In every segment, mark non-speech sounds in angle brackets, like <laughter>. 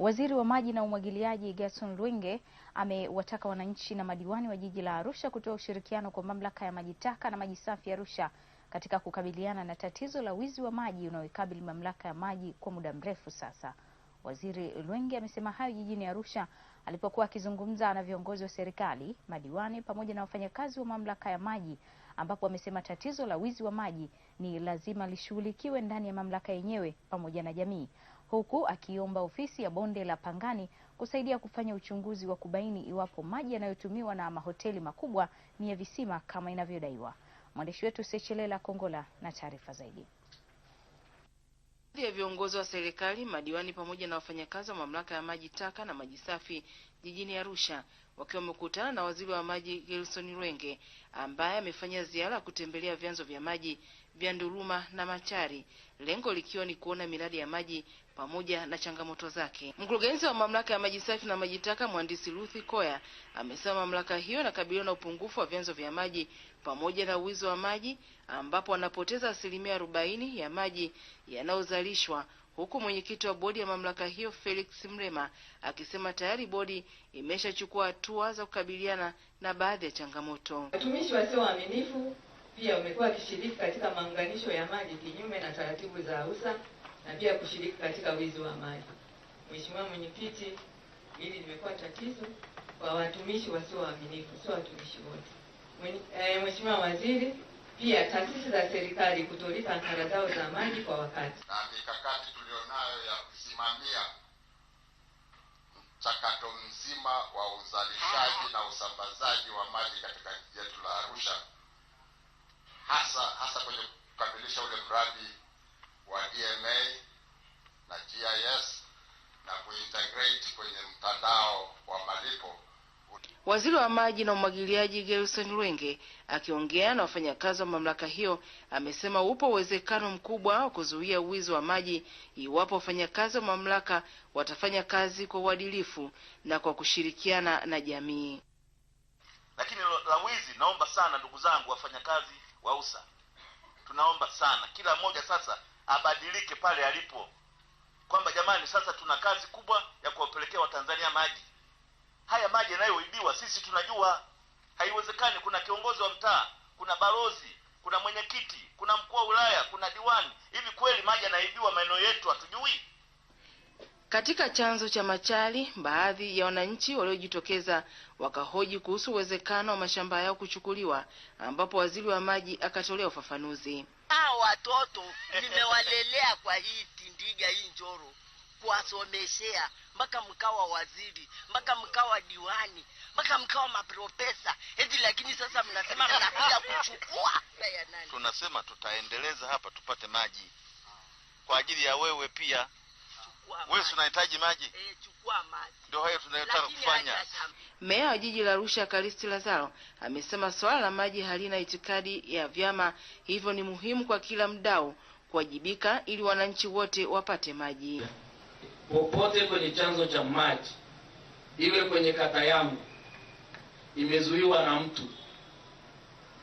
Waziri wa maji na umwagiliaji Gerson Lwenge amewataka wananchi na madiwani wa jiji la Arusha kutoa ushirikiano kwa mamlaka ya maji taka na maji safi Arusha katika kukabiliana na tatizo la wizi wa maji unaoikabili mamlaka ya maji kwa muda mrefu sasa. Waziri Lwenge amesema hayo jijini Arusha alipokuwa akizungumza na viongozi wa serikali, madiwani pamoja na wafanyakazi wa mamlaka ya maji ambapo amesema tatizo la wizi wa maji ni lazima lishughulikiwe ndani ya mamlaka yenyewe pamoja na jamii huku akiomba ofisi ya bonde la Pangani kusaidia kufanya uchunguzi wa kubaini iwapo maji yanayotumiwa na mahoteli makubwa ni ya visima kama inavyodaiwa. Mwandishi wetu Sechelela Kongola na taarifa zaidi. Baadhi ya viongozi wa serikali, madiwani pamoja na wafanyakazi wa mamlaka ya maji taka na maji safi jijini Arusha wakiwa wamekutana na waziri wa maji Gerson Rwenge ambaye amefanya ziara ya kutembelea vyanzo vya maji vya Nduruma na Machari, lengo likiwa ni kuona miradi ya maji pamoja na changamoto zake. Mkurugenzi wa mamlaka ya maji safi na maji taka mhandisi Ruthi Koya amesema mamlaka hiyo inakabiliwa na upungufu wa vyanzo vya maji pamoja na uwizi wa maji ambapo wanapoteza asilimia arobaini ya maji yanayozalishwa huku mwenyekiti wa bodi ya mamlaka hiyo Felix Mrema akisema tayari bodi imeshachukua hatua za kukabiliana na baadhi ya changamoto. Watumishi wasio waaminifu pia wamekuwa wakishiriki katika maunganisho ya maji kinyume na taratibu za usa na pia kushiriki katika wizi wa maji. Mheshimiwa Mwenyekiti, hili limekuwa tatizo kwa watumishi wasio waaminifu, sio watumishi wote. Eh, Mheshimiwa e, Waziri, pia taasisi za serikali kutolipa ankara zao za maji kwa wakati na mikakati tulionayo ya kusimamia mchakato mzima wa uzalishaji na usambazaji wa maji katika jiji letu la Arusha, hasa hasa kwenye kukamilisha ule mradi wa DNA na GIS na kuintegrate kwenye mtandao wa malipo. Waziri wa maji na umwagiliaji Gerson lwenge akiongea na wafanyakazi wa mamlaka hiyo amesema upo uwezekano mkubwa wa kuzuia wizi wa maji iwapo wafanyakazi wa mamlaka watafanya kazi kwa uadilifu na kwa kushirikiana na jamii. Lakini la wizi, naomba sana ndugu zangu wafanyakazi wa usa, tunaomba sana kila mmoja sasa abadilike pale alipo, kwamba jamani, sasa tuna kazi kubwa ya kuwapelekea Watanzania maji. Haya maji yanayoibiwa sisi tunajua haiwezekani. Kuna kiongozi wa mtaa, kuna balozi, kuna mwenyekiti, kuna mkuu wa wilaya, kuna diwani. Hivi kweli maji yanaibiwa maeneo yetu? Hatujui. Katika chanzo cha Machali, baadhi ya wananchi waliojitokeza wakahoji kuhusu uwezekano wa mashamba yao kuchukuliwa, ambapo waziri wa maji akatolea ufafanuzi haa watoto <laughs> nimewalelea kwa hii Tindiga, hii Njoro, kuwasomeshea mpaka mkawa waziri, mpaka mkawa diwani, mpaka mkawa maprofesa eti, lakini sasa mnasema mnakuja kuchukua. Tunasema tutaendeleza hapa tupate maji kwa ajili ya wewe pia wewe tunahitaji eh, maji, ndio hayo tunayotaka kufanya. Meya wa jiji la Arusha Kalisti Lazaro amesema swala la maji halina itikadi ya vyama, hivyo ni muhimu kwa kila mdau kuwajibika ili wananchi wote wapate maji popote kwenye chanzo cha maji, iwe kwenye kata yangu imezuiwa na mtu,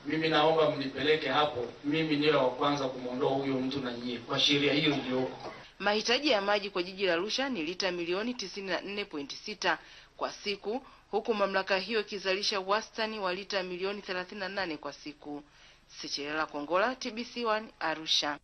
mimi naomba mnipeleke hapo, mimi niwe wa kwanza kumwondoa huyo mtu na nyie, kwa sheria hiyo iliyoko. Mahitaji ya maji kwa jiji la Arusha ni lita milioni 94.6 kwa siku, huku mamlaka hiyo ikizalisha wastani wa lita milioni 38 kwa siku. Sichelela Kongola, TBC1 Arusha.